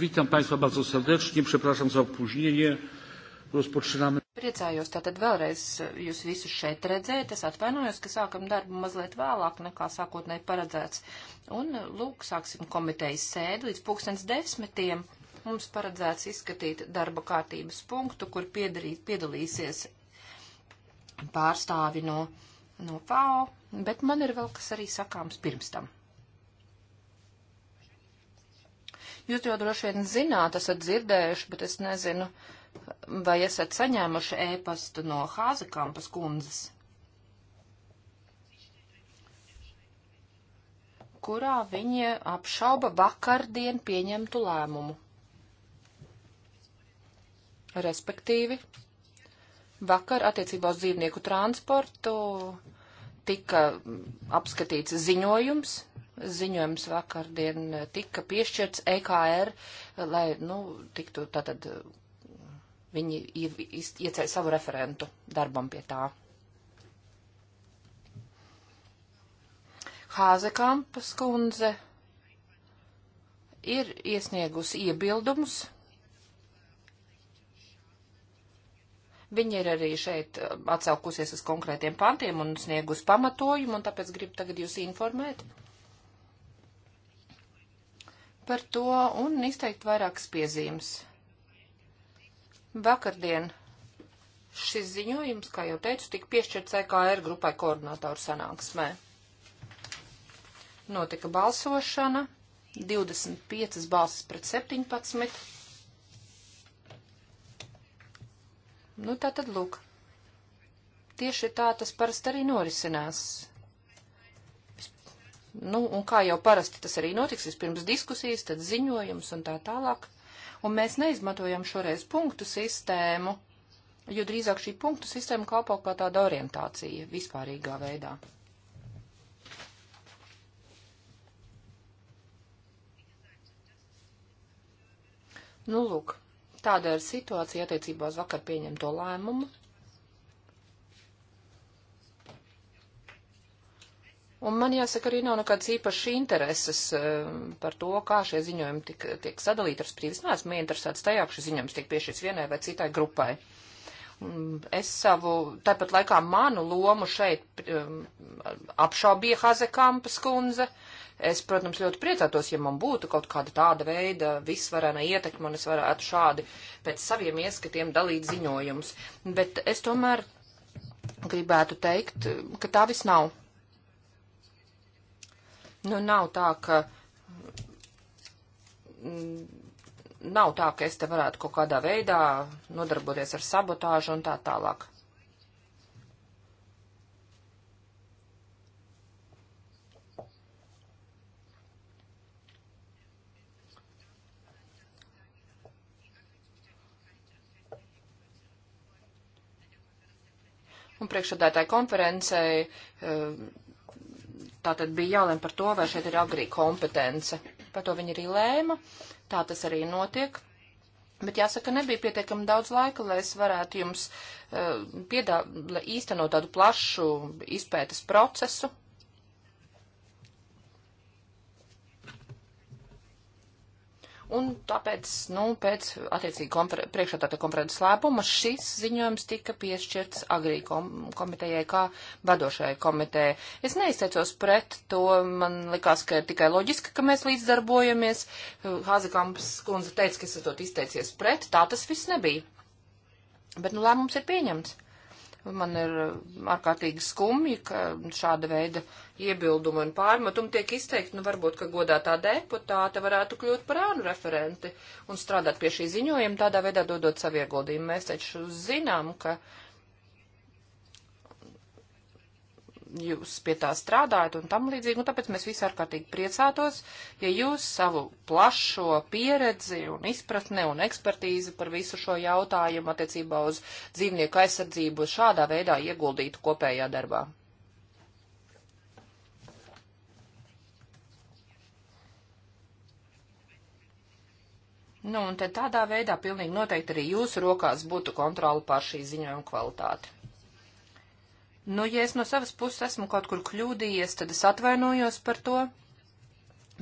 Witam Państwa bardzo serdecznie, przepraszam za opóźnienie. Rozpoczynamy. Priecājos tātad vēlreiz jūs visus šeit redzēt. Es atvainojos, ka sākam darbu mazliet vēlāk nekā sākotnēji paredzēts. Un, lūk, sāksim komitejas sēdi līdz pulkstens desmitiem. Mums paredzēts izskatīt darba kārtības punktu, kur piedarīt, piedalīsies pārstāvi no, no FAO, bet man ir vēl kas arī sakāms pirms tam. Jūs jau droši vien zināt, esat dzirdējuši, bet es nezinu, vai esat saņēmuši ēpastu no Hāzekampas kundzes, kurā viņa apšauba vakardien pieņemtu lēmumu. Respektīvi, vakar attiecībā uz dzīvnieku transportu tika apskatīts ziņojums ziņojums vakardien eh, tika piešķirts EKR, eh, lai, nu, tiktu tātad eh, viņi iecēja savu referentu darbam pie tā. Hāzekampas kundze ir iesniegusi iebildumus. Viņa ir arī šeit atsaukusies uz konkrētiem pantiem un sniegus pamatojumu, un tāpēc gribu tagad jūs informēt. Uh, par to un izteikt vairākas piezīmes. Vakardien šis ziņojums, kā jau teicu, tika piešķirts EKR grupai koordinātoru sanāksmē. Notika balsošana, 25 balsis pret 17. Nu, tā tad lūk. Tieši tā tas parasti arī norisinās Nu, un kā jau parasti tas arī notiks, vispirms diskusijas, tad ziņojums un tā tālāk. Un mēs neizmantojam šoreiz punktu sistēmu, jo drīzāk šī punktu sistēma kalpo kā tāda orientācija vispārīgā veidā. Nu, lūk, tāda ir situācija attiecībā uz vakar pieņemto lēmumu. Un man jāsaka, arī nav nekādas īpašas intereses eh, par to, kā šie ziņojumi tik, tiek sadalīti ar sprīdus. Nē, esmu interesēts tajā, ka šis ziņojums tiek piešķirts vienai vai citai grupai. Es savu, tāpat laikā manu lomu šeit um, apšaubīja Hazekampas kundze. Es, protams, ļoti priecātos, ja man būtu kaut kāda tāda veida visvarena ietekme un es varētu šādi pēc saviem ieskatiem dalīt ziņojumus. Bet es tomēr gribētu teikt, ka tā viss nav. Nu, nav tā, ka. Mm, nav tā, ka es te varētu kaut kādā veidā nodarboties ar sabotāžu un tā tālāk. un priekšsēdētāja konferencei eh, Tātad bija jālēm par to, vai šeit ir agrī kompetence. Par to viņi arī lēma. Tā tas arī notiek. Bet jāsaka, nebija pietiekami daudz laika, lai es varētu jums uh, eh, piedā, īstenot tādu plašu izpētes procesu, Un tāpēc, nu, pēc attiecīgi kompre, priekšētāta konferences slēpuma šis ziņojums tika piešķirts agrī kom komitejai kā vadošajai komitejai. Es neizteicos pret to, man likās, ka ir tikai loģiski, ka mēs līdzdarbojamies. Hāzekamps kundze teica, ka esat izteicies pret, tā tas viss nebija. Bet, nu, lēmums ir pieņemts. Man ir uh, ārkārtīgi skumji, ka šāda veida iebildumi un pārmetumi tiek izteikti. Nu, varbūt, ka godātā deputāte varētu kļūt par ānu referenti un strādāt pie šī ziņojuma, tādā veidā dodot savu ieguldījumu. Mēs taču zinām, ka jūs pie tā strādājat un tam līdzīgi, un nu, tāpēc mēs visi ārkārtīgi priecātos, ja jūs savu plašo pieredzi un izpratni un ekspertīzi par visu šo jautājumu attiecībā uz dzīvnieku aizsardzību šādā veidā ieguldītu kopējā darbā. Nu, un tad tādā veidā pilnīgi noteikti arī jūsu rokās būtu kontrola pār šī ziņojuma kvalitāti. Nu, ja es no savas puses esmu kaut kur kļūdījies, tad es atvainojos par to.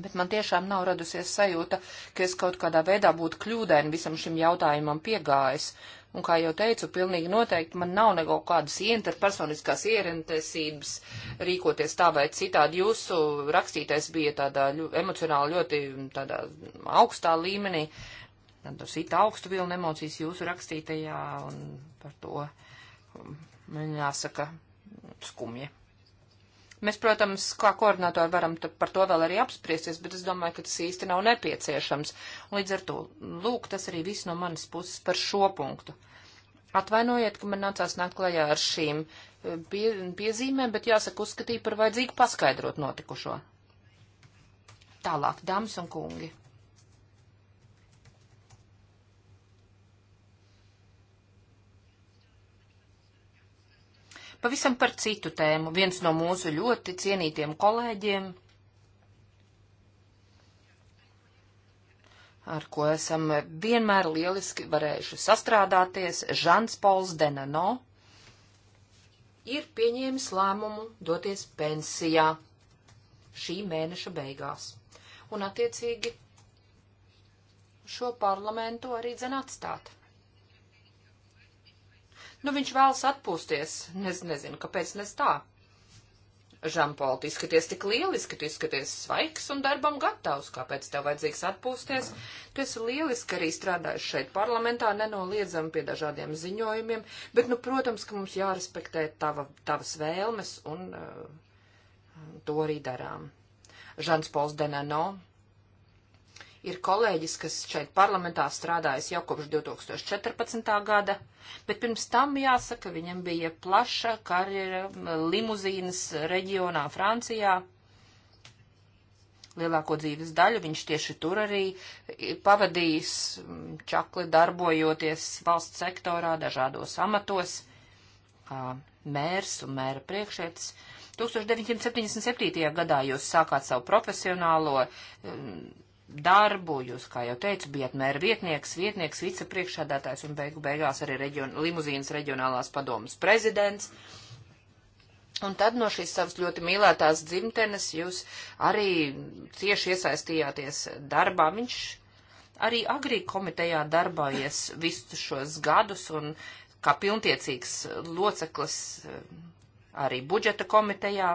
Bet man tiešām nav radusies sajūta, ka es kaut kādā veidā būtu kļūdaini visam šim jautājumam piegājis. Un, kā jau teicu, pilnīgi noteikti man nav kaut kādas interpersoniskās ierentesības rīkoties tā vai citādi. Jūsu rakstītais bija tādā ļu, emocionāli ļoti tādā augstā līmenī. Tad sita augstu vilnu emocijas jūsu rakstītajā un par to man mm, jāsaka skumji. Mēs, protams, kā koordinātori varam par to vēl arī apspriesties, bet es domāju, ka tas īsti nav nepieciešams. Līdz ar to, lūk, tas arī viss no manas puses par šo punktu. Atvainojiet, ka man nācās nākt klajā ar šīm eh, pie, piezīmēm, bet jāsaka, uzskatīja par vajadzīgu paskaidrot notikušo. Tālāk, dāmas un kungi. pavisam par citu tēmu. Viens no mūsu ļoti cienītiem kolēģiem, ar ko esam vienmēr lieliski varējuši sastrādāties, Žans Pols Denano, ir pieņēmis lēmumu doties pensijā šī mēneša beigās. Un attiecīgi šo parlamentu arī dzen atstāt. Nu, viņš vēlas atpūsties. Nez, nezinu, kāpēc nes tā. Žampola, tu izskaties tik lieliski, tu izskaties svaigs un darbam gatavs. Kāpēc tev vajadzīgs atpūsties? Tu esi lieliski arī strādājis šeit parlamentā, nenoliedzami pie dažādiem ziņojumiem, bet, nu, protams, ka mums jārespektē tava, tavas vēlmes un uh, to arī darām. Žans Pols Denano Ir kolēģis, kas šeit parlamentā strādājas jau kopš 2014. gada, bet pirms tam jāsaka, viņam bija plaša karjera limuzīnas reģionā Francijā. Lielāko dzīves daļu viņš tieši tur arī pavadījis, čakli darbojoties valsts sektorā, dažādos amatos, kā mērs un mēra priekšēts. 1977. gadā jūs sākāt savu profesionālo um, darbu, jūs, kā jau teicu, bijat mēra vietnieks, vietnieks, vicepriekšādātājs un beigu beigās arī reģion, limuzīnas reģionālās padomas prezidents. Un tad no šīs savas ļoti mīlētās dzimtenes jūs arī cieši iesaistījāties darbā. Viņš arī agrī komitejā darbojies visus šos gadus un kā pilntiecīgs loceklis eh, arī budžeta komitejā.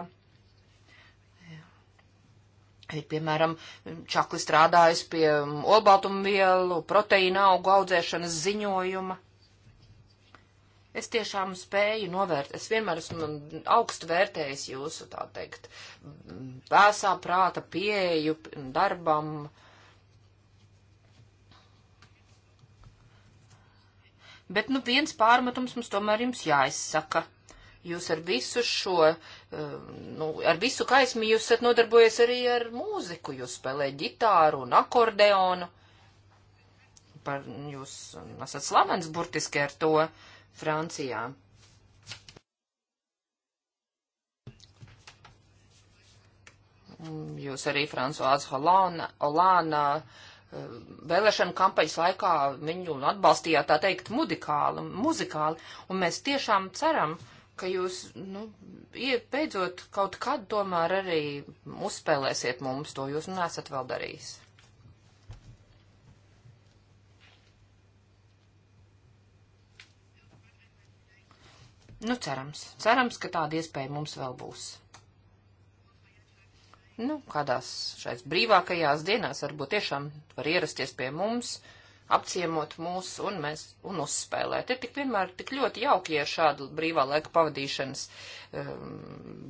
Arī, piemēram, Čakli strādājas pie olbaltumvielu, proteīna augu audzēšanas ziņojuma. Es tiešām spēju novērt, es vienmēr esmu augstu vērtējis jūsu, tā teikt, vēsā prāta pieeju darbam. Bet, nu, viens pārmetums mums tomēr jums jāizsaka. Jūs ar visu šo, eh, nu, ar visu kaismi jūs esat nodarbojies arī ar mūziku. Jūs spēlējat ģitāru un akordeonu. Par, jūs esat slavens burtiski ar to Francijā. Jūs arī Francoāzi Holāna, Olāna eh, vēlēšanu kampaņas laikā viņu atbalstījāt, tā teikt, mudikāli, muzikāli, un mēs tiešām ceram, uh, ka jūs, nu, beidzot kaut kad tomēr arī uzspēlēsiet mums to, jūs nu nesat vēl darījis. Nu, cerams, cerams, ka tāda iespēja mums vēl būs. Nu, kādās šais brīvākajās dienās varbūt tiešām var ierasties pie mums. Uh, apciemot mūs un, mēs, un uzspēlēt. Ir tik vienmēr tik ļoti jauki, ja ir šāda brīvā laika pavadīšanas um,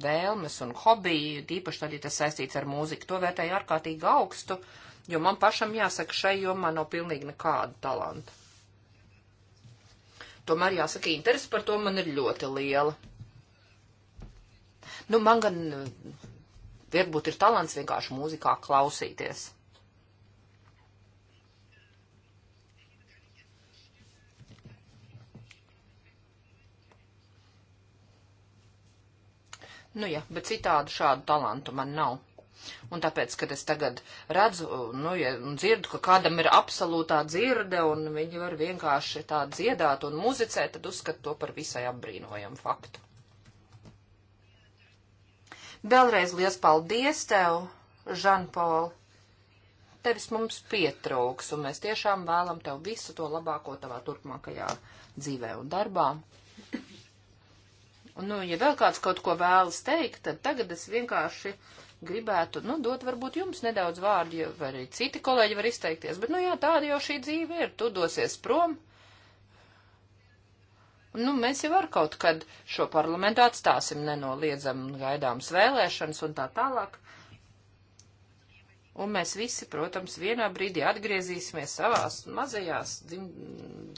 vēlmes un hobiji, tīpaši tad, ja tas saistīts ar mūziku. To vērtēju ārkārtīgi augstu, jo man pašam jāsaka, šai jomā nav pilnīgi nekāda talanta. Tomēr jāsaka, interesi par to man ir ļoti liela. Nu, man gan eh, varbūt ir talants vienkārši mūzikā klausīties. Nu jā, bet citādu šādu talantu man nav. Un tāpēc, kad es tagad redzu, nu, ja dzirdu, ka kādam ir absolūtā dzirde un viņi var vienkārši tā dziedāt un muzicēt, tad uzskatu to par visai apbrīnojamu faktu. Vēlreiz liels paldies tev, Žanpol! Tevis mums pietrūks, un mēs tiešām vēlam tev visu to labāko tavā turpmākajā dzīvē un darbā. Un, nu, ja vēl kāds kaut ko vēlas teikt, tad tagad es vienkārši gribētu, nu, dot varbūt jums nedaudz vārdu, vai arī citi kolēģi var izteikties, bet, nu, jā, tāda jau šī dzīve ir, tu dosies prom. Un, nu, mēs jau ar kaut kad šo parlamentu atstāsim nenoliedzam gaidāms vēlēšanas un tā tālāk. Un mēs visi, protams, vienā brīdī atgriezīsimies savās mazajās dzim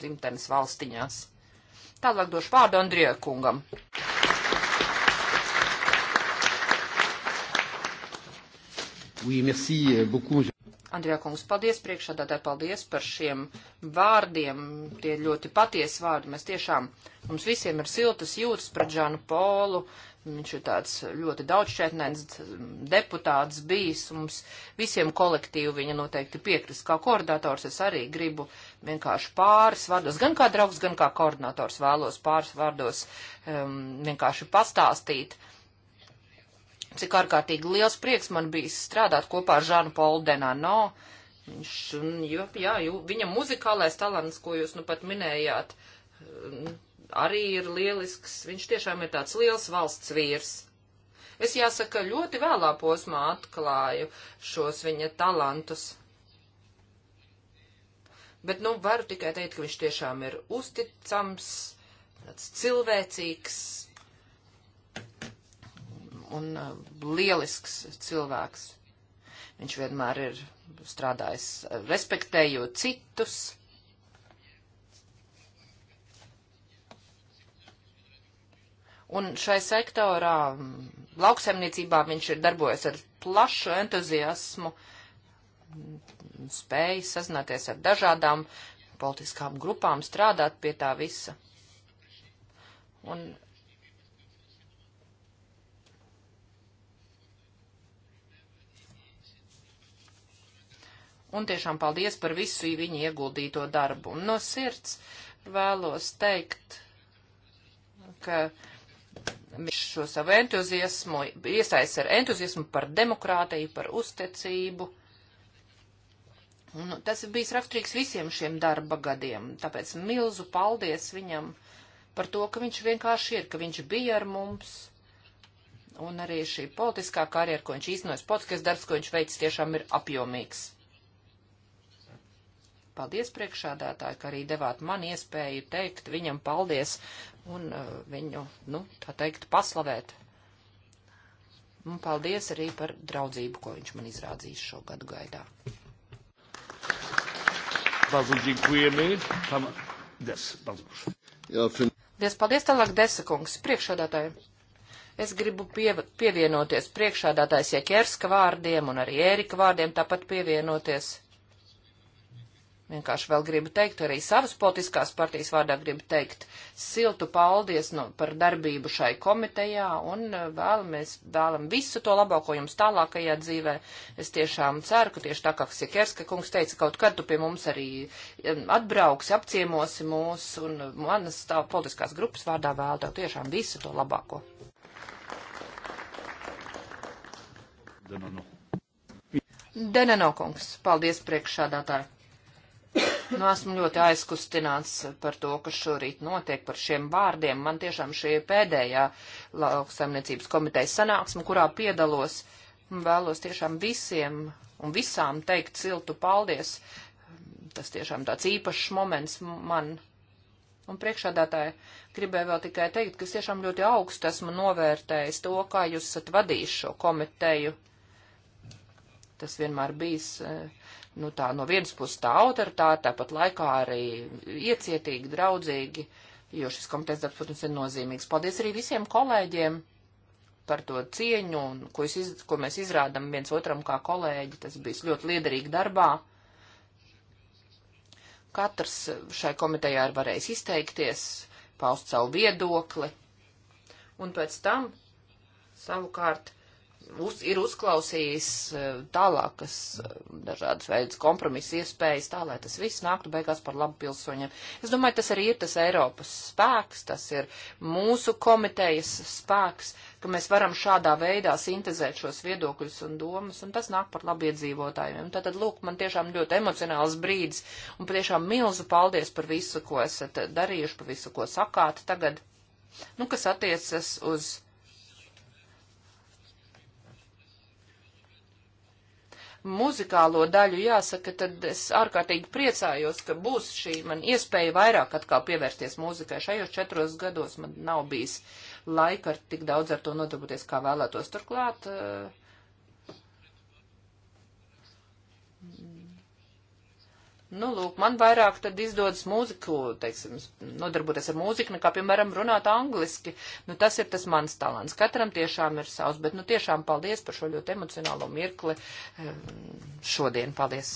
dzimtenes valstiņās. Tālāk došu vārdu Andrija kungam. Oui, merci beaucoup. Andrijā kungs, paldies priekšādātāji, paldies par šiem vārdiem. Tie ir ļoti patiesi vārdi. Mēs tiešām, mums visiem ir siltas jūtas pret Žānu Polu, Viņš ir tāds ļoti daudzšķietnēns deputāts bijis, mums visiem kolektīvi viņa noteikti piekrist. Kā koordinators es arī gribu vienkārši pāris vārdos, gan kā draugs, gan kā koordinators vēlos pāris vārdos um, vienkārši pastāstīt, cik ārkārtīgi liels prieks man bija strādāt kopā ar Žanu Polu Denano. Viņš, jā, jā, viņa muzikālais talants, ko jūs nu pat minējāt, um, arī ir lielisks, viņš tiešām ir tāds liels valsts vīrs. Es jāsaka, ļoti vēlā posmā atklāju šos viņa talantus. Bet, nu, varu tikai teikt, ka viņš tiešām ir uzticams, tāds cilvēcīgs un uh, lielisks cilvēks. Viņš vienmēr ir strādājis, respektējot citus Un šai sektorā, lauksaimniecībā viņš ir darbojies ar plašu entuziasmu, spēja sazināties ar dažādām politiskām grupām, strādāt pie tā visa. Un Un tiešām paldies par visu viņu ieguldīto darbu. Un no sirds vēlos teikt, ka uh, Viņš šo savu entuziasmu iesaist ar entuziasmu par demokrātiju, par uzticību. Nu, tas ir bijis raksturīgs visiem šiem darba gadiem, tāpēc milzu paldies viņam par to, ka viņš vienkārši ir, ka viņš bija ar mums. Un arī šī politiskā karjera, ko viņš īstenojas, politiskais darbs, ko viņš veic, tiešām ir apjomīgs. Paldies priekšādātāji, ka arī devāt man iespēju teikt viņam paldies un uh, viņu, nu, tā teikt, paslavēt. Un paldies arī par draudzību, ko viņš man izrādījis šo gadu gaidā. Paldies, paldies tālāk, Desakungs, priekšādātājiem. Es gribu piev pievienoties priekšādātājs Jekērska vārdiem un arī Ērika vārdiem tāpat pievienoties Vienkārši vēl gribu teikt, arī savas politiskās partijas vārdā gribu teikt siltu paldies no, nu, par darbību šai komitejā un eh, vēlamies, vēlam visu to labāko jums tālākajā dzīvē. Es tiešām ceru, ka tieši tā kā Sikerska kungs teica, kaut kad tu pie mums arī atbrauksi, apciemosi mūs un eh, manas tā politiskās grupas vārdā vēl tev tiešām visu to labāko. Denano. Denano kungs, paldies priekšādātāji. Nu, esmu ļoti aizkustināts par to, kas šorīt notiek par šiem vārdiem. Man tiešām šī pēdējā lauksaimniecības komitejas sanāksme, kurā piedalos, vēlos tiešām visiem un visām teikt siltu paldies. Tas tiešām tāds īpašs moments man. Un priekšādātāji gribēju vēl tikai teikt, ka es tiešām ļoti augstu esmu novērtējis to, kā jūs esat vadījis šo komiteju. Tas vienmēr bijis uh, nu tā no vienas puses tā autoritāte, tāpat laikā arī iecietīgi, draudzīgi, jo šis komitejas darbs, protams, ir nozīmīgs. Paldies arī visiem kolēģiem par to cieņu, un, ko, iz, ko mēs izrādam viens otram kā kolēģi. Tas bija ļoti liederīgi darbā. Katrs šai komitejā ir varējis izteikties, paust savu viedokli, un pēc tam savukārt uz, ir uzklausījis e, tālākas e, dažādas veidas kompromisa iespējas, tā lai tas viss nāktu beigās par labu pilsoņiem. Es domāju, tas arī ir tas Eiropas spēks, tas ir mūsu komitejas spēks, ka mēs varam šādā veidā sintezēt šos viedokļus un domas, un tas nāk par labu iedzīvotājiem. Tātad, lūk, man tiešām ļoti emocionāls brīdis, un patiešām milzu paldies par visu, ko esat darījuši, par visu, ko sakāt tagad, nu, kas attiecas uz muzikālo daļu, jāsaka, tad es ārkārtīgi priecājos, ka būs šī man iespēja vairāk atkal pievērsties mūzikai. Šajos četros gados man nav bijis laika ar tik daudz ar to nodarboties, kā vēlētos. Turklāt, uh, Nu, lūk, man vairāk tad izdodas mūziku, teiksim, nodarboties ar mūziku, nekā, piemēram, runāt angliski. Nu, tas ir tas mans talants. Katram tiešām ir savs, bet, nu, tiešām paldies par šo ļoti emocionālo mirkli eh, šodien. Paldies!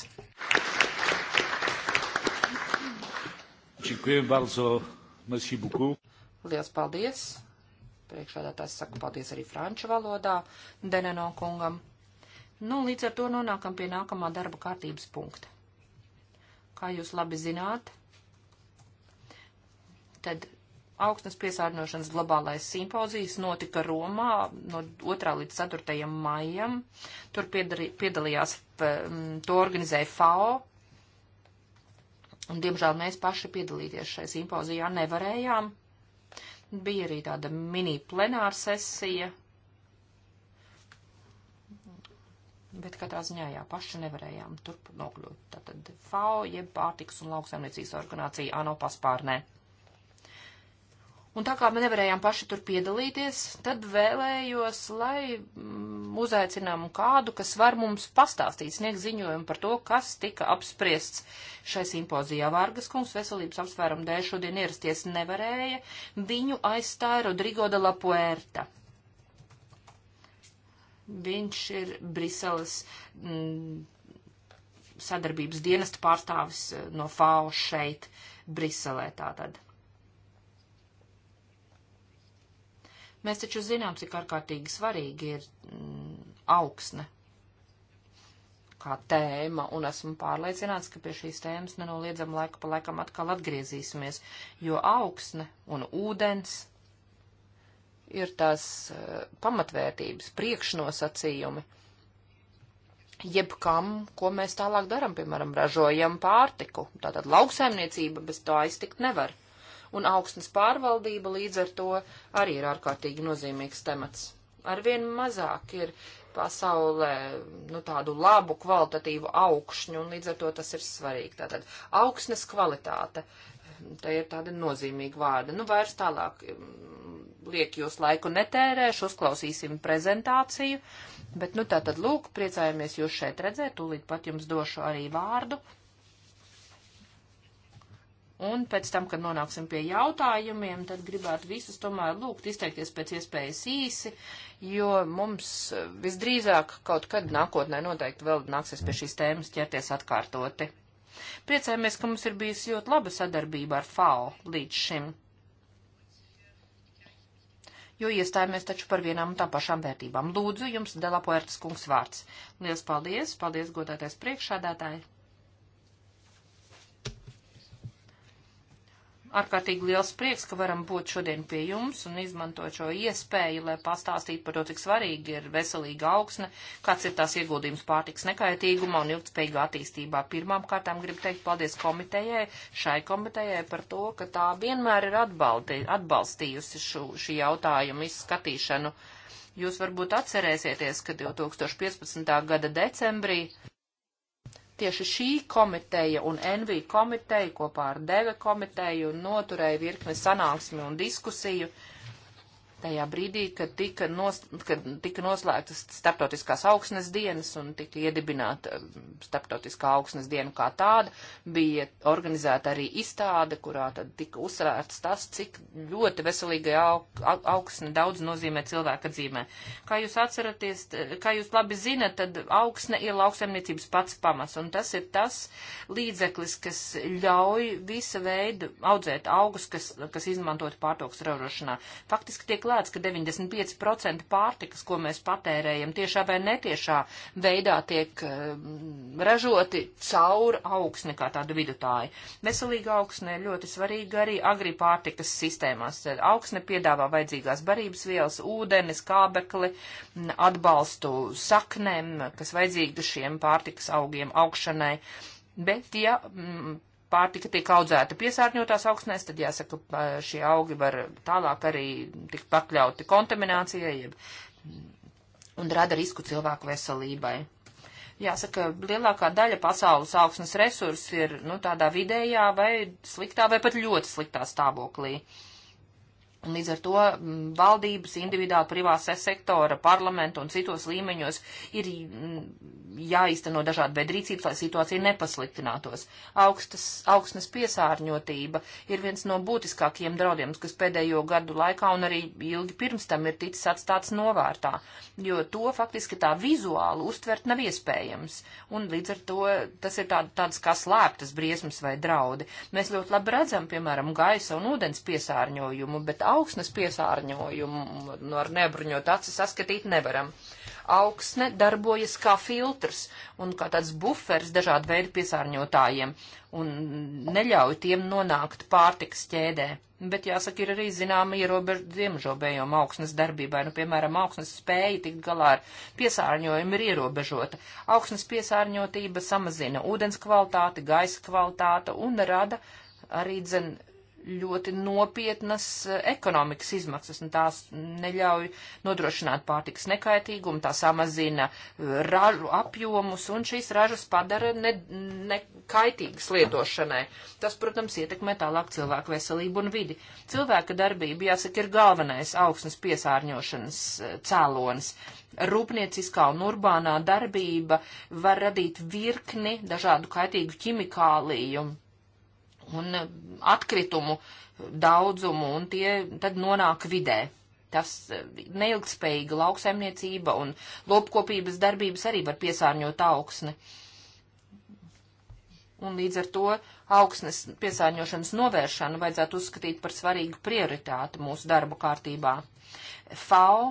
Čikujem bardzo, merci beaucoup. Liels paldies! Priekšādātājs saka paldies arī franču valodā Deneno kungam. Nu, līdz ar to nonākam pie nākamā darba kārtības punkta. Kā jūs labi zināt, tad augstnes piesārņošanas globālais simpozijas notika Romā no 2. līdz 4. maijam. Tur piedalījās, mm, to organizēja FAO. Un, diemžēl, mēs paši piedalīties šai simpozijā nevarējām. Bija arī tāda mini plenāra sesija, Bet katrā ziņā jā, paši nevarējām turp nokļūt. Tātad FAO, jeb pārtiks un lauksaimniecības organizācija ANO paspārnē. Un tā kā mēs nevarējām paši tur piedalīties, tad vēlējos, lai mm, uzaicinām kādu, kas var mums pastāstīt, sniegt ziņojumu par to, kas tika apspriests šai simpozijā. Vārgas kungs veselības apsvērumu dēļ šodien ierasties nevarēja. Viņu aizstāja Rodrigo de la Puerta Viņš ir Briseles m, mm, sadarbības dienesta pārstāvis eh, no FAO šeit, Briselē tātad. Mēs taču zinām, cik ārkārtīgi svarīgi ir m, mm, augsne kā tēma, un esmu pārliecināts, ka pie šīs tēmas nenoliedzam laiku pa laikam atkal atgriezīsimies, jo augsne un ūdens ir tās eh, pamatvērtības, priekšnosacījumi jebkam, ko mēs tālāk daram, piemēram, ražojam pārtiku. Tātad lauksaimniecība bez tā iztikt nevar. Un augstnes pārvaldība līdz ar to arī ir ārkārtīgi nozīmīgs temats. Arvien mazāk ir pasaulē nu, tādu labu kvalitatīvu augšņu, un līdz ar to tas ir svarīgi. Tātad augsnes kvalitāte, te tā ir tāda nozīmīga vārda. Nu, vairs tālāk liek jūs laiku netērēšu, uzklausīsim prezentāciju, bet nu tā tad lūk, priecājamies jūs šeit redzēt, tūlīt pat jums došu arī vārdu. Un pēc tam, kad nonāksim pie jautājumiem, tad gribētu visus tomēr lūgt izteikties pēc iespējas īsi, jo mums visdrīzāk kaut kad nākotnē noteikti vēl nāksies pie šīs tēmas ķerties atkārtoti. Priecājamies, ka mums ir bijusi ļoti laba sadarbība ar FAO līdz šim jo iestājāmies taču par vienām un tām pašām vērtībām. Lūdzu, jums Delapoertas kungs vārds. Lielas paldies, paldies godātais priekšādātāji! ārkārtīgi liels prieks, ka varam būt šodien pie jums un izmantot šo iespēju, lai pastāstītu par to, cik svarīgi ir veselīga augsne, kāds ir tās ieguldījums pārtiks nekaitīgumā un ilgspējīgā attīstībā. Pirmām kārtām gribu teikt paldies komitejai, šai komitejai par to, ka tā vienmēr ir atbalti, atbalstījusi šo, šī jautājuma izskatīšanu. Jūs varbūt atcerēsieties, ka 2015. gada decembrī Tieši šī komiteja un NV komiteja kopā ar DEVE komiteju noturēja virkni sanāksmi un diskusiju uh, tajā brīdī, kad tika, nos, kad tika noslēgtas starptautiskās augsnes dienas un tika iedibināta um, starptautiskā augsnes diena kā tāda, bija organizēta arī izstāde, kurā tad tika uzsvērts tas, cik ļoti veselīgai aug, augsne daudz nozīmē cilvēka dzīvē. Kā jūs atceraties, kā jūs labi zinat, tad augsne ir lauksaimniecības pats pamats, un tas ir tas līdzeklis, kas ļauj visa veida audzēt augus, kas, kas izmantot pārtoks ražošanā. Faktiski tiek atklāts, ka 95% pārtikas, ko mēs patērējam, tiešā vai netiešā veidā tiek eh, ražoti caur augsni kā tādu vidutāju. Veselīga augsne ir ļoti svarīga arī agri pārtikas sistēmās. Augsne piedāvā vajadzīgās barības vielas, ūdenis, kābekli, atbalstu saknēm, kas vajadzīga šiem pārtikas augiem augšanai. Bet, ja mm, pārtika tiek audzēta piesārņotās augsnēs, tad jāsaka, eh, šie augi var tālāk arī tikt pakļauti kontaminācijai jeb, mm, un rada risku cilvēku veselībai. Jāsaka, lielākā daļa pasaules augsnes resursu ir nu, tādā vidējā vai sliktā vai pat ļoti sliktā stāvoklī. Uh, Līdz ar to mm, valdības, individuāli privāsē sektora, parlamentu un citos līmeņos ir mm, jāizteno dažādi veidi rīcības, lai situācija nepasliktinātos. Augstas, augstnes piesārņotība ir viens no būtiskākajiem draudiem, kas pēdējo gadu laikā un arī ilgi pirms tam ir ticis atstāts novārtā, jo to faktiski tā vizuāli uztvert nav iespējams. Un līdz ar to tas ir tā, tāds kā slēptas briesmas vai draudi. Mēs ļoti labi redzam, piemēram, gaisa un ūdens piesārņojumu, bet augsnes piesārņojumu no nu, ar nebruņot acis saskatīt nevaram. Augsne darbojas kā filtrs un kā tāds bufers dažādu veidu piesārņotājiem un neļauj tiem nonākt pārtiks ķēdē. Bet jāsaka, ir arī zināma ierobežojuma augsnes darbībai. Nu, piemēram, augsnes spēja tikt galā ar piesārņojumu ir ierobežota. Augsnes piesārņotība samazina ūdens kvalitāti, gaisa kvalitāti un rada arī dzen ļoti nopietnas eh, ekonomikas izmaksas, un tās neļauj nodrošināt pārtikas nekaitīgumu, tā samazina eh, ražu apjomus, un šīs ražas padara nekaitīgas ne, ne lietošanai. Tas, protams, ietekmē tālāk cilvēku veselību un vidi. Cilvēka darbība, jāsaka, ir galvenais augsnes piesārņošanas eh, cēlonis. Rūpnieciskā un urbānā darbība var radīt virkni dažādu kaitīgu ķimikāliju un e, atkritumu daudzumu, un tie tad nonāk vidē. Tas e, neilgspējīga lauksaimniecība un lopkopības darbības arī var piesārņot augsni. Un līdz ar to augsnes piesārņošanas novēršanu vajadzētu uzskatīt par svarīgu prioritāti mūsu darba kārtībā. FAO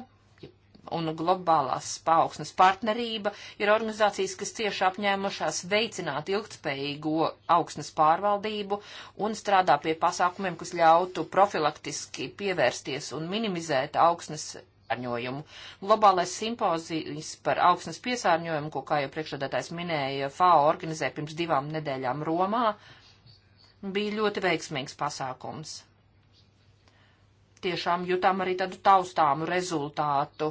un globālās spaugsnes partnerība ir organizācijas, kas cieši apņēmušās veicināt ilgtspējīgo augsnes pārvaldību un strādā pie pasākumiem, kas ļautu profilaktiski pievērsties un minimizēt augsnes piesārņojumu. Globālais simpozijas par augsnes piesārņojumu, ko, kā jau priekšredētājs minēja, FAO organizē pirms divām nedēļām Romā, bija ļoti veiksmīgs pasākums tiešām jutām arī tādu taustāmu rezultātu.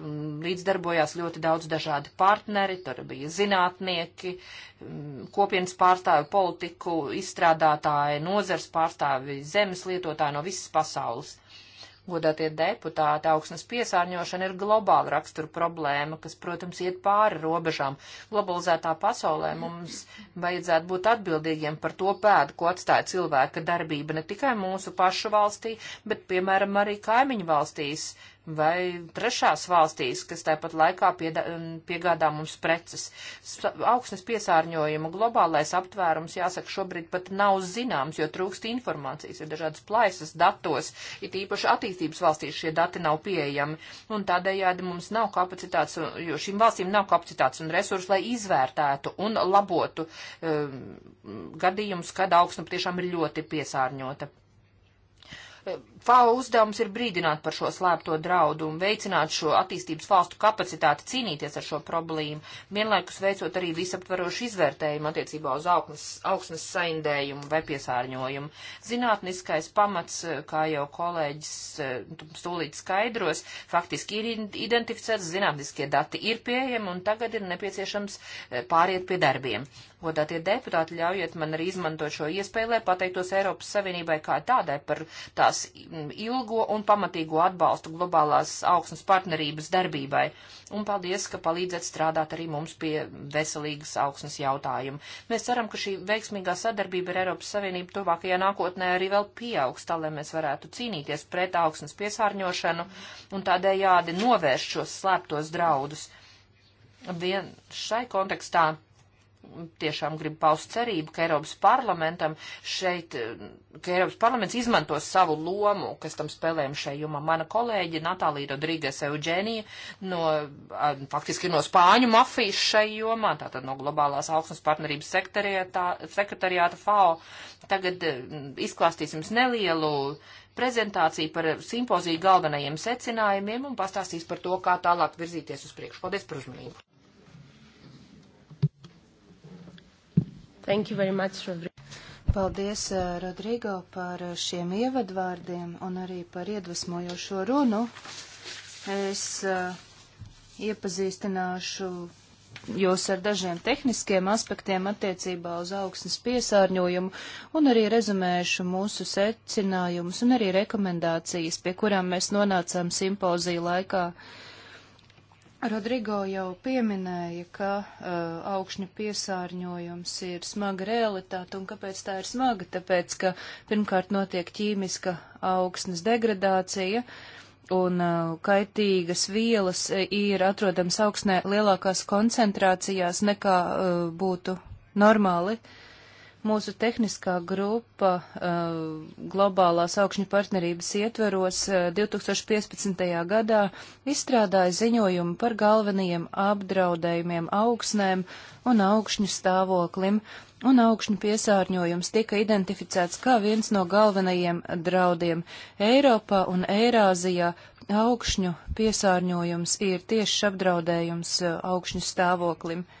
Mm, līdzdarbojās ļoti daudz dažādi partneri, tur bija zinātnieki, mm, kopienas pārstāvi, politiku izstrādātāji, nozars pārstāvi, zemes lietotāji no visas pasaules godātie deputāti, augsnes piesārņošana ir globāla rakstura problēma, kas, protams, iet pāri robežām. Globalizētā pasaulē mums vajadzētu būt atbildīgiem par to pēdu, ko atstāja cilvēka darbība ne tikai mūsu pašu valstī, bet, piemēram, arī kaimiņu valstīs vai trešās valstīs, kas tāpat laikā piedā, um, piegādā mums preces. Augsnes piesārņojumu globālais aptvērums, jāsaka, šobrīd pat nav zināms, jo trūkst informācijas, ir dažādas plaisas datos, ir īpaši attīstības valstīs šie dati nav pieejami, un tādējādi mums nav kapacitātes, jo šīm valstīm nav kapacitātes un resursu, lai izvērtētu un labotu um, gadījumus, kad augsne tiešām ir ļoti piesārņota. FAO uzdevums ir brīdināt par šo slēpto draudu un veicināt šo attīstības valstu kapacitāti cīnīties ar šo problēmu, vienlaikus veicot arī visaptvarošu izvērtējumu attiecībā uz augnes, augsnes saindējumu vai piesārņojumu. Zinātniskais pamats, eh, kā jau kolēģis eh, stūlīt skaidros, faktiski ir identificēts, zinātniskie dati ir pieejami un tagad ir nepieciešams eh, pāriet pie darbiem. Godātie deputāti, ļaujiet man arī izmantot šo iespēju, lai pateiktos Eiropas Savienībai kā tādai par tās ilgo un pamatīgo atbalstu globālās augsnes partnerības darbībai. Un paldies, ka palīdzat strādāt arī mums pie veselīgas augsnes jautājumu. Mēs ceram, ka šī veiksmīgā sadarbība ar Eiropas Savienību tuvākajā nākotnē arī vēl pieaugs, tā lai mēs varētu cīnīties pret augsnes piesārņošanu un tādējādi novērst šos slēptos draudus. Vien šai kontekstā tiešām gribu paust cerību, ka Eiropas parlamentam šeit, ka Eiropas parlaments izmantos savu lomu, kas tam spēlējam šai jumā. Mana kolēģi Natālija Rodrīgas Euģēnija no, faktiski no Spāņu mafijas šai jomā, tātad no globālās augsnes partnerības sekretariāta FAO. Tagad e, izklāstīsim nelielu prezentāciju par simpoziju galvenajiem secinājumiem un pastāstīs par to, kā tālāk virzīties uz priekšu. Paldies par uzmanību! Thank you very much, Rodrigo. Paldies, uh, Rodrigo, par uh, šiem ievadvārdiem un arī par iedvesmojošo runu. Es uh, iepazīstināšu jūs ar dažiem tehniskiem aspektiem attiecībā uz augsnes piesārņojumu un arī rezumēšu mūsu secinājumus un arī rekomendācijas, pie kurām mēs nonācām simpoziju laikā. Uh, Rodrigo jau pieminēja, ka uh, augšņu piesārņojums ir smaga realitāte, un kāpēc tā ir smaga? Tāpēc, ka pirmkārt notiek ķīmiska augsnes degradācija, un uh, kaitīgas vielas ir atrodams augsnē lielākās koncentrācijās nekā uh, būtu normāli. Uh, Mūsu tehniskā grupa uh, globālās augšņu partnerības ietveros 2015. Uh, gadā izstrādāja ziņojumu par galvenajiem apdraudējumiem augsnēm un augšņu stāvoklim, un augšņu piesārņojums tika identificēts kā viens no galvenajiem draudiem Eiropā un Eirāzijā. Augšņu piesārņojums ir tieši apdraudējums uh, augšņu stāvoklim. Uh,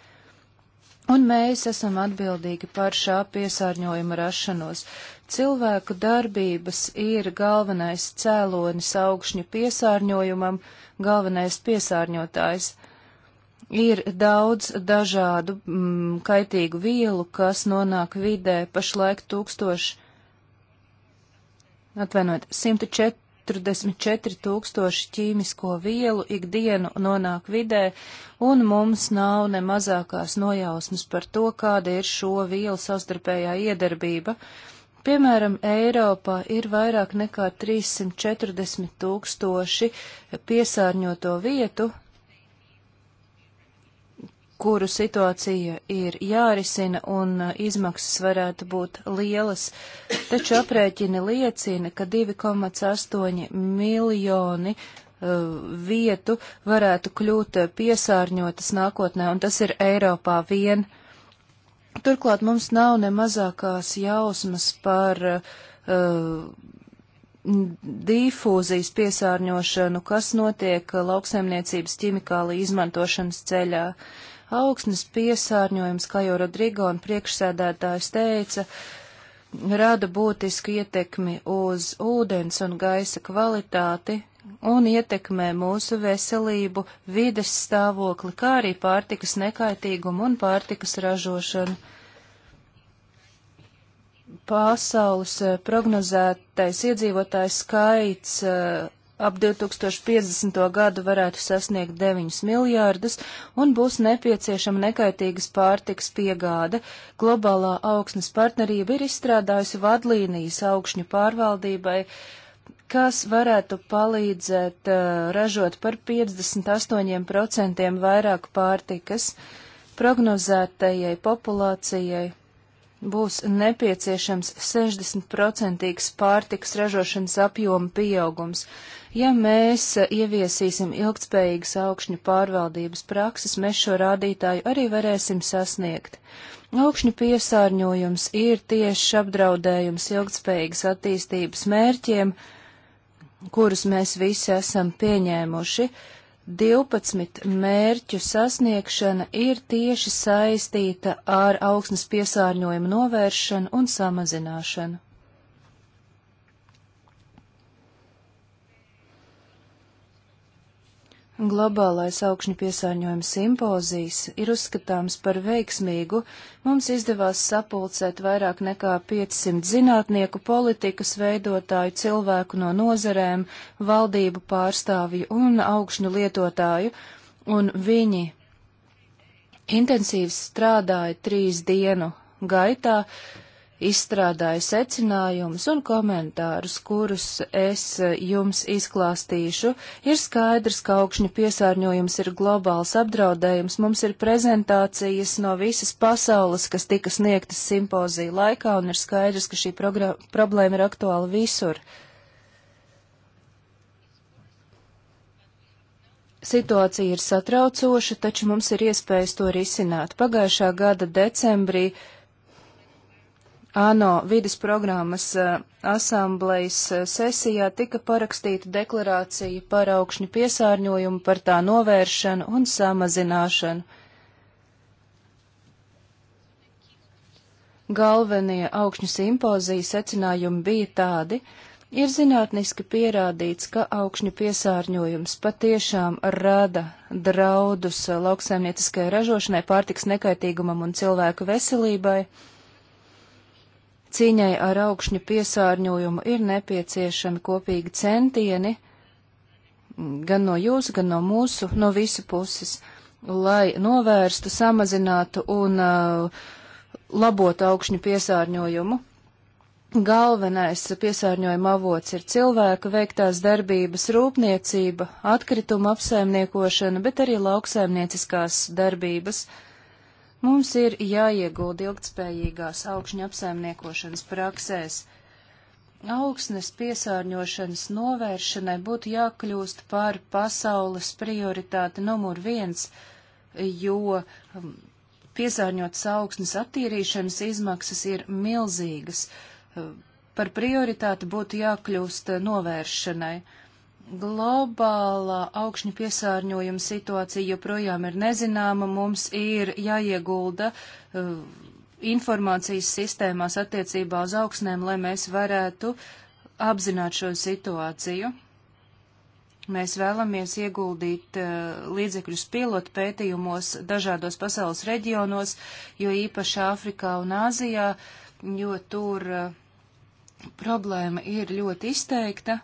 Un mēs esam atbildīgi par šā piesārņojuma rašanos. Cilvēku darbības ir galvenais cēlonis augšņu piesārņojumam, galvenais piesārņotājs. Ir daudz dažādu mm, kaitīgu vielu, kas nonāk vidē pašlaik tūkstoši, atvainojiet, 104 44 tūkstoši ķīmisko vielu ikdienu nonāk vidē, un mums nav ne mazākās nojausmas par to, kāda ir šo vielu sastarpējā iedarbība. Piemēram, Eiropā ir vairāk nekā 340 tūkstoši piesārņoto vietu, kuru situācija ir jārisina un uh, izmaksas varētu būt lielas, taču aprēķini liecina, ka 2,8 miljoni uh, vietu varētu kļūt uh, piesārņotas nākotnē, un tas ir Eiropā vien. Turklāt mums nav ne mazākās jausmas par uh, difūzijas piesārņošanu, kas notiek uh, lauksaimniecības ķimikāli izmantošanas ceļā. Uh, Augsnes piesārņojums, kā jau Rodrigo un priekšsēdētājs teica, rada būtisku ietekmi uz ūdens un gaisa kvalitāti un ietekmē mūsu veselību, vides stāvokli, kā arī pārtikas nekaitīgumu un pārtikas ražošanu. Pasaules prognozētais iedzīvotājs skaits ap 2050. gadu varētu sasniegt 9 miljārdus un būs nepieciešama nekaitīgas pārtiks piegāde. Globālā augsnes partnerība ir izstrādājusi vadlīnijas augšņu pārvaldībai, kas varētu palīdzēt uh, ražot par 58% vairāk pārtikas prognozētajai populācijai. Būs nepieciešams 60% pārtiks ražošanas apjoma pieaugums. Uh, Ja mēs ieviesīsim ilgtspējīgas augšņu pārvaldības prakses, mēs šo rādītāju arī varēsim sasniegt. Augšņu piesārņojums ir tieši apdraudējums ilgtspējīgas attīstības mērķiem, kurus mēs visi esam pieņēmuši. 12 mērķu sasniegšana ir tieši saistīta ar augsnes piesārņojumu novēršanu un samazināšanu. Globālais augšņu piesārņojuma simpozijas ir uzskatāms par veiksmīgu. Mums izdevās sapulcēt vairāk nekā 500 zinātnieku, politikas veidotāju, cilvēku no nozerēm, valdību pārstāvju un augšņu lietotāju, un viņi intensīvi strādāja trīs dienu gaitā, izstrādāju secinājumus un komentārus, kurus es eh, jums izklāstīšu, ir skaidrs, ka augšņu piesārņojums ir globāls apdraudējums. Mums ir prezentācijas no visas pasaules, kas tika sniegtas simpozija laikā, un ir skaidrs, ka šī problēma ir aktuāla visur. Situācija ir satraucoša, taču mums ir iespējas to risināt. Pagājušā gada decembrī uh, ANO vidas programmas eh, asamblejas eh, sesijā tika parakstīta deklarācija par augšņu piesārņojumu, par tā novēršanu un samazināšanu. Galvenie augšņu simpozija secinājumi bija tādi, ir zinātniski pierādīts, ka augšņu piesārņojums patiešām rada draudus lauksaimnieciskai ražošanai, pārtiks nekaitīgumam un cilvēku veselībai. Cīņai ar augšņu piesārņojumu ir nepieciešami kopīgi centieni, gan no jūsu, gan no mūsu, no visu puses, lai novērstu, samazinātu un uh, labotu augšņu piesārņojumu. Galvenais piesārņojuma avots ir cilvēka veiktās darbības rūpniecība, atkrituma apsaimniekošana, bet arī lauksaimnieciskās darbības. Uh, Mums ir jāiegulda ilgtspējīgās augšņa apsaimniekošanas praksēs. Augsnes piesārņošanas novēršanai būtu jākļūst par pasaules prioritāti numur viens, jo um, piesārņotas augsnes attīrīšanas izmaksas ir milzīgas. Uh, par prioritāti būtu jākļūst novēršanai globālā augšņu piesārņojuma situācija joprojām ir nezināma. Mums ir jāiegulda uh, informācijas sistēmās attiecībā uz augsnēm, lai mēs varētu apzināt šo situāciju. Mēs vēlamies ieguldīt uh, līdzekļus pilotu pētījumos dažādos pasaules reģionos, jo īpaši Āfrikā un Āzijā, jo tur uh, problēma ir ļoti izteikta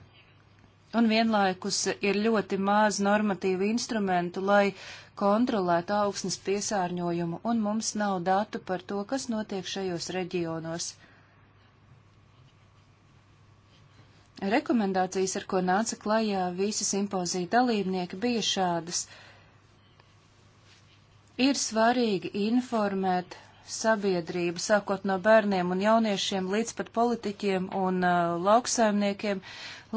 un vienlaikus ir ļoti maz normatīvu instrumentu, lai kontrolētu augsnes piesārņojumu, un mums nav datu par to, kas notiek šajos reģionos. Rekomendācijas, ar ko nāca klajā visi simpozija dalībnieki, bija šādas. Ir svarīgi informēt sabiedrību, sākot no bērniem un jauniešiem līdz pat politiķiem un uh, lauksaimniekiem,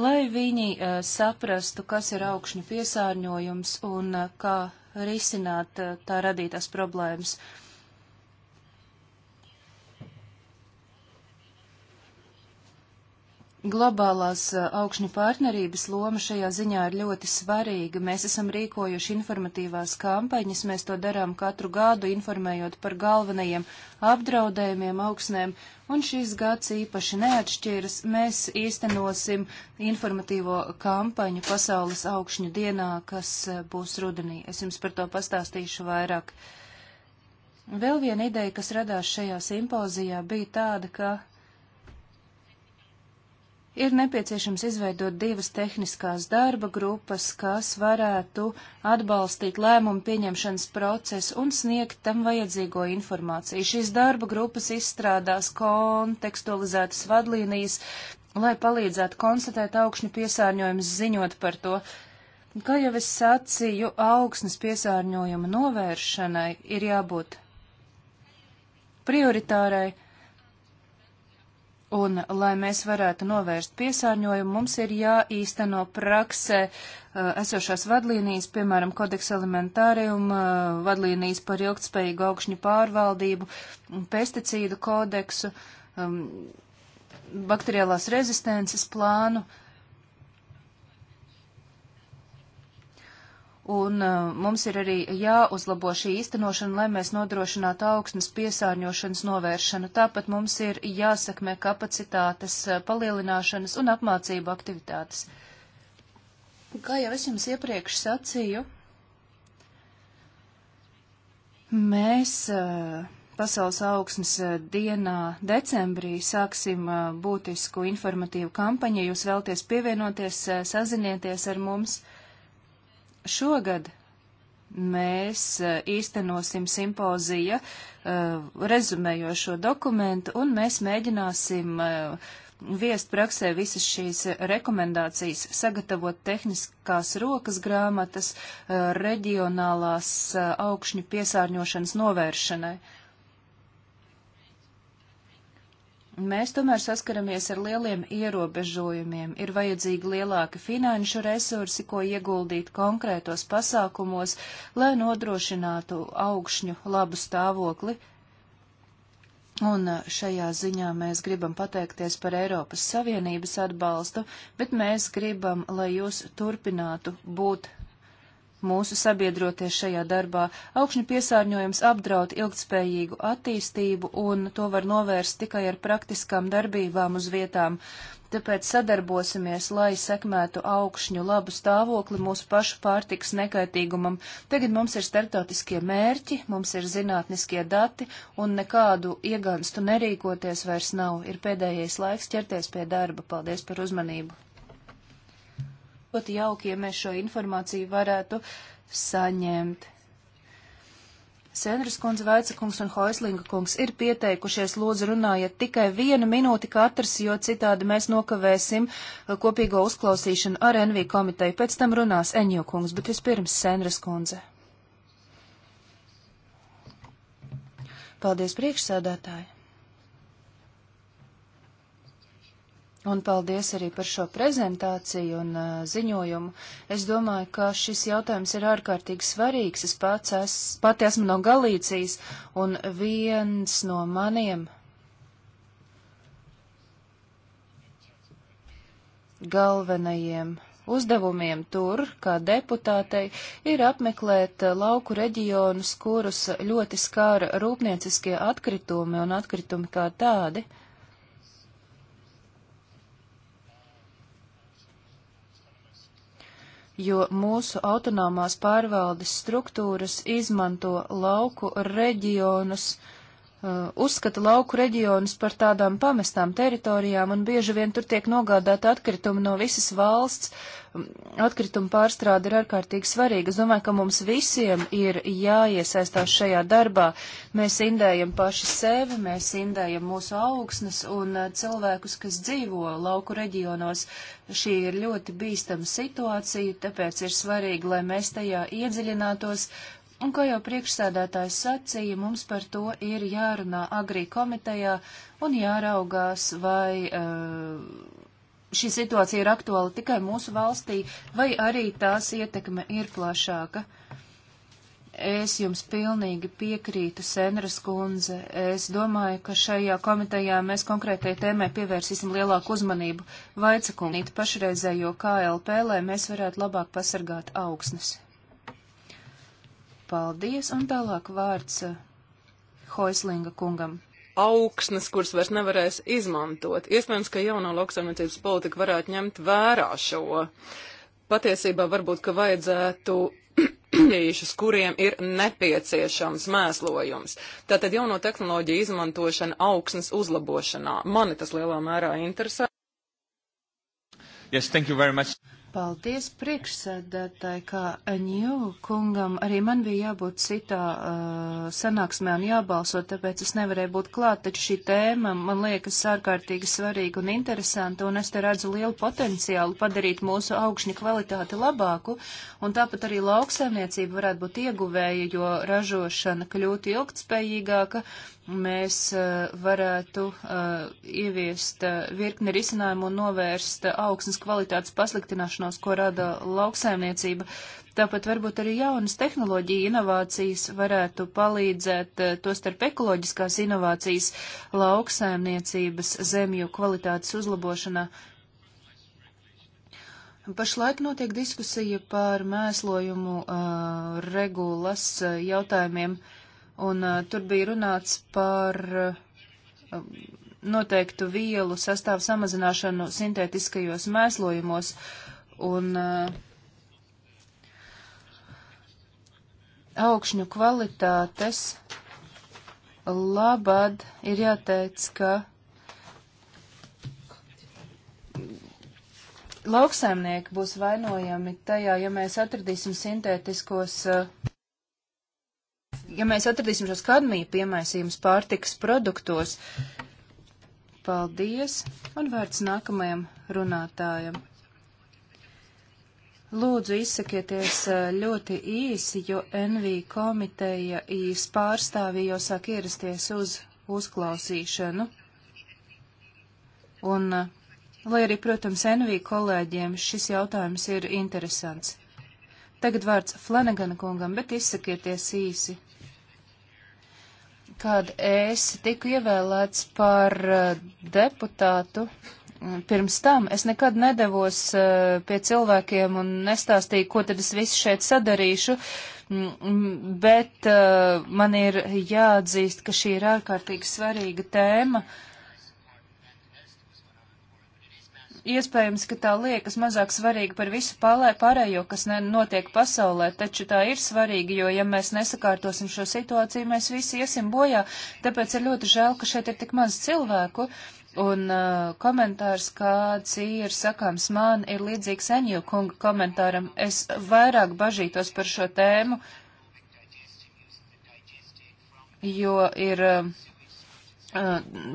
lai viņi uh, saprastu, kas ir augšņu piesārņojums un uh, kā risināt uh, tā radītās problēmas. Uh, Globālās eh, augšņu partnerības loma šajā ziņā ir ļoti svarīga. Mēs esam rīkojuši informatīvās kampaņas, mēs to darām katru gadu, informējot par galvenajiem apdraudējumiem augsnēm, un šīs gads īpaši neatšķiras. Mēs īstenosim informatīvo kampaņu Pasaules augšņu dienā, kas eh, būs rudenī. Es jums par to pastāstīšu vairāk. Vēl viena ideja, kas radās šajā simpozijā, bija tāda, ka ir nepieciešams izveidot divas tehniskās darba grupas, kas varētu atbalstīt lēmumu pieņemšanas procesu un sniegt tam vajadzīgo informāciju. Šīs darba grupas izstrādās kontekstualizētas vadlīnijas, lai palīdzētu konstatēt augšņu piesārņojumus, ziņot par to. Kā jau es sacīju, augsnes piesārņojuma novēršanai ir jābūt prioritārai Un, lai mēs varētu novērst piesārņojumu, mums ir jāīsteno praksē uh, esošās vadlīnijas, piemēram, kodeks elementārium, uh, vadlīnijas par ilgtspējīgu augšņu pārvaldību, pesticīdu kodeksu, um, bakteriālās rezistences plānu. Uh, un uh, mums ir arī jāuzlabo šī īstenošana, lai mēs nodrošinātu augsnes piesārņošanas novēršanu. Tāpat mums ir jāsakmē kapacitātes uh, palielināšanas un apmācību aktivitātes. Kā jau es jums iepriekš sacīju, mēs uh, Pasaules augsnes uh, dienā decembrī sāksim uh, būtisku informatīvu kampaņu. Jūs vēlties pievienoties, uh, sazinieties ar mums. Uh, Šogad mēs eh, īstenosim simpozija eh, rezumējošo dokumentu un mēs mēģināsim eh, viest praksē visas šīs rekomendācijas, sagatavot tehniskās rokas grāmatas reģionālās augšņu piesārņošanas novēršanai. Mēs tomēr saskaramies ar lieliem ierobežojumiem. Ir vajadzīgi lielāki finanšu resursi, ko ieguldīt konkrētos pasākumos, lai nodrošinātu augšņu labu stāvokli. Un uh, šajā ziņā mēs gribam pateikties par Eiropas Savienības atbalstu, bet mēs gribam, lai jūs turpinātu būt mūsu sabiedroties šajā darbā. Augšņu piesārņojums apdraud ilgtspējīgu attīstību, un to var novērst tikai ar praktiskām darbībām uz vietām. Tāpēc sadarbosimies, lai sekmētu augšņu labu stāvokli mūsu pašu pārtiks nekaitīgumam. Tagad mums ir startautiskie mērķi, mums ir zinātniskie dati, un nekādu ieganstu nerīkoties vairs nav. Ir pēdējais laiks ķerties pie darba. Paldies par uzmanību! Būtu jauki, ja mēs šo informāciju varētu saņemt. Sendras kundze, Vaicakungs un Hoislinga kungs ir pieteikušies, lūdzu runājiet tikai vienu minūti katrs, jo citādi mēs nokavēsim kopīgo uzklausīšanu ar NV komiteju. Pēc tam runās Enjo kungs, bet vispirms Sendras kundze. Paldies priekšsēdētāji! Un paldies arī par šo prezentāciju un uh, ziņojumu. Es domāju, ka šis jautājums ir ārkārtīgi svarīgs. Es pats es, pati esmu no Galīcijas, un viens no maniem galvenajiem uzdevumiem tur, kā deputātei, ir apmeklēt uh, lauku reģionus, kurus ļoti skāra rūpnieciskie atkritumi un atkritumi kā tādi. jo mūsu autonomās pārvaldes struktūras izmanto lauku reģionus, uh, Uh, uzskata lauku reģionus par tādām pamestām teritorijām, un bieži vien tur tiek nogādāti atkritumi no visas valsts. Mm, atkrituma pārstrāde ir ārkārtīgi svarīga. Es domāju, ka mums visiem ir jāiesaistās šajā darbā. Mēs indējam paši sevi, mēs indējam mūsu augsnes un uh, cilvēkus, kas dzīvo lauku reģionos. Šī ir ļoti bīstama situācija, tāpēc ir svarīgi, lai mēs tajā iedziļinātos, Un, kā jau priekšsēdētājs sacīja, mums par to ir jārunā agrī komitejā un jāraugās, vai uh, šī situācija ir aktuāla tikai mūsu valstī, vai arī tās ietekme ir plašāka. Es jums pilnīgi piekrītu, Senras kundze. Es domāju, ka šajā komitejā mēs konkrētai tēmai pievērsīsim lielāku uzmanību, vaicakumīt pašreizējo KLP, lai mēs varētu labāk pasargāt augsnes. Paldies, un tālāk vārds eh, Hoislinga kungam augsnes, kuras vairs nevarēs izmantot. Iespējams, ka jauno lauksaimniecības politika varētu ņemt vērā šo. Patiesībā varbūt, ka vajadzētu īšus, kuriem ir nepieciešams mēslojums. Tātad jauno tehnoloģiju izmantošana augsnes uzlabošanā. Mani tas lielā mērā interesē. Yes, thank you very much. Paldies priekšsēdētāji, kā Aņju kungam. Arī man bija jābūt citā uh, sanāksmē un jābalso, tāpēc es nevarēju būt klāt, taču šī tēma man liekas ārkārtīgi svarīga un interesanta, un es te redzu lielu potenciālu padarīt mūsu augšņu kvalitāti labāku, un tāpat arī lauksēmniecība varētu būt ieguvēja, jo ražošana kļūtu ilgtspējīgāka, mēs uh, varētu uh, ieviest uh, virkni risinājumu un novērst augsnes kvalitātes pasliktināšanos, ko rada lauksaimniecība. Tāpat varbūt arī jaunas tehnoloģija inovācijas varētu palīdzēt, to starp ekoloģiskās inovācijas lauksaimniecības zemju kvalitātes uzlabošanā. Pašlaik notiek diskusija par mēslojumu regulas jautājumiem. Uh, un uh, tur bija runāts par uh, noteiktu vielu sastāvu samazināšanu sintētiskajos mēslojumos, un uh, augšņu kvalitātes labad ir jāteic, ka lauksaimnieki būs vainojami tajā, ja mēs atradīsim sintētiskos uh, ja mēs atradīsim šos kadmiju piemaisījumus pārtikas produktos, paldies un vērts nākamajam runātājam. Lūdzu, izsakieties ļoti īsi, jo NV komiteja īs pārstāvī jau sāk ierasties uz uzklausīšanu. Un, lai arī, protams, NV kolēģiem šis jautājums ir interesants. Tagad vārds Flanagana kungam, bet izsakieties īsi. Kad es tiku ievēlēts par eh, deputātu, eh, pirms tam es nekad nedavos eh, pie cilvēkiem un nestāstīju, ko tad es visu šeit sadarīšu, mm, mm, bet man ir jāatzīst, ka šī ir ārkārtīgi svarīga tēma. Uh, Iespējams, ka tā liekas mazāk svarīga par visu pārē, pārējo, kas ne, notiek pasaulē, taču tā ir svarīga, jo ja mēs nesakārtosim šo situāciju, mēs visi iesim bojā, tāpēc ir ļoti žēl, ka šeit ir tik maz cilvēku. Un uh, komentārs, kāds ir sakāms man, ir līdzīgs Enju kunga komentāram. Es vairāk bažītos par šo tēmu, jo ir. Uh,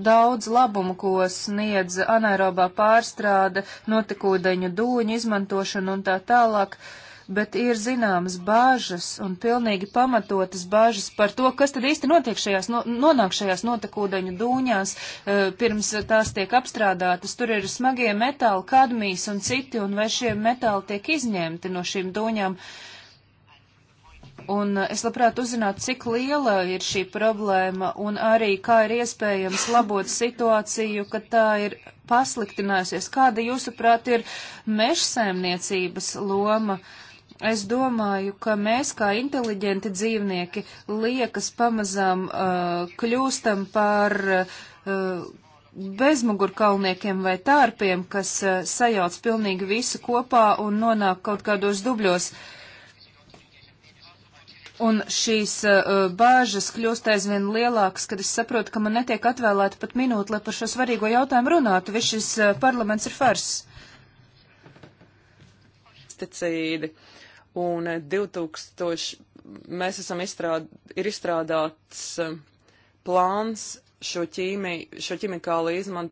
daudz labumu, ko sniedz anaerobā pārstrāde, notekūdeņu dūņu izmantošana un tā tālāk, bet ir zināmas bāžas un pilnīgi pamatotas bāžas par to, kas tad īsti notiek šajās, no, nonāk šajās notekūdeņu dūņās, pirms tās tiek apstrādātas. Tur ir smagie metāli, kadmijas un citi, un vai šie metāli tiek izņemti no šīm dūņām. Uh, Un eh, es labprāt uzzinātu, cik liela ir šī problēma un arī kā ir iespējams labot situāciju, ka tā ir pasliktinājusies. Kāda, jūsuprāt, ir mežsēmniecības loma? Es domāju, ka mēs kā inteliģenti dzīvnieki liekas pamazām uh, kļūstam par uh, bezmugurkalniekiem vai tārpiem, kas uh, sajauc pilnīgi visu kopā un nonāk kaut kādos dubļos. Uh, Un šīs uh, bāžas kļūst aizvien lielākas, kad es saprotu, ka man netiek atvēlēta pat minūte, lai par šo svarīgo jautājumu runātu. Viss šis uh, parlaments ir fars. Pesticīdi. Un 2000 uh, mēs esam izstrād, ir izstrādāts uh, plāns šo, ķīmi, šo ķimikāli izmantot.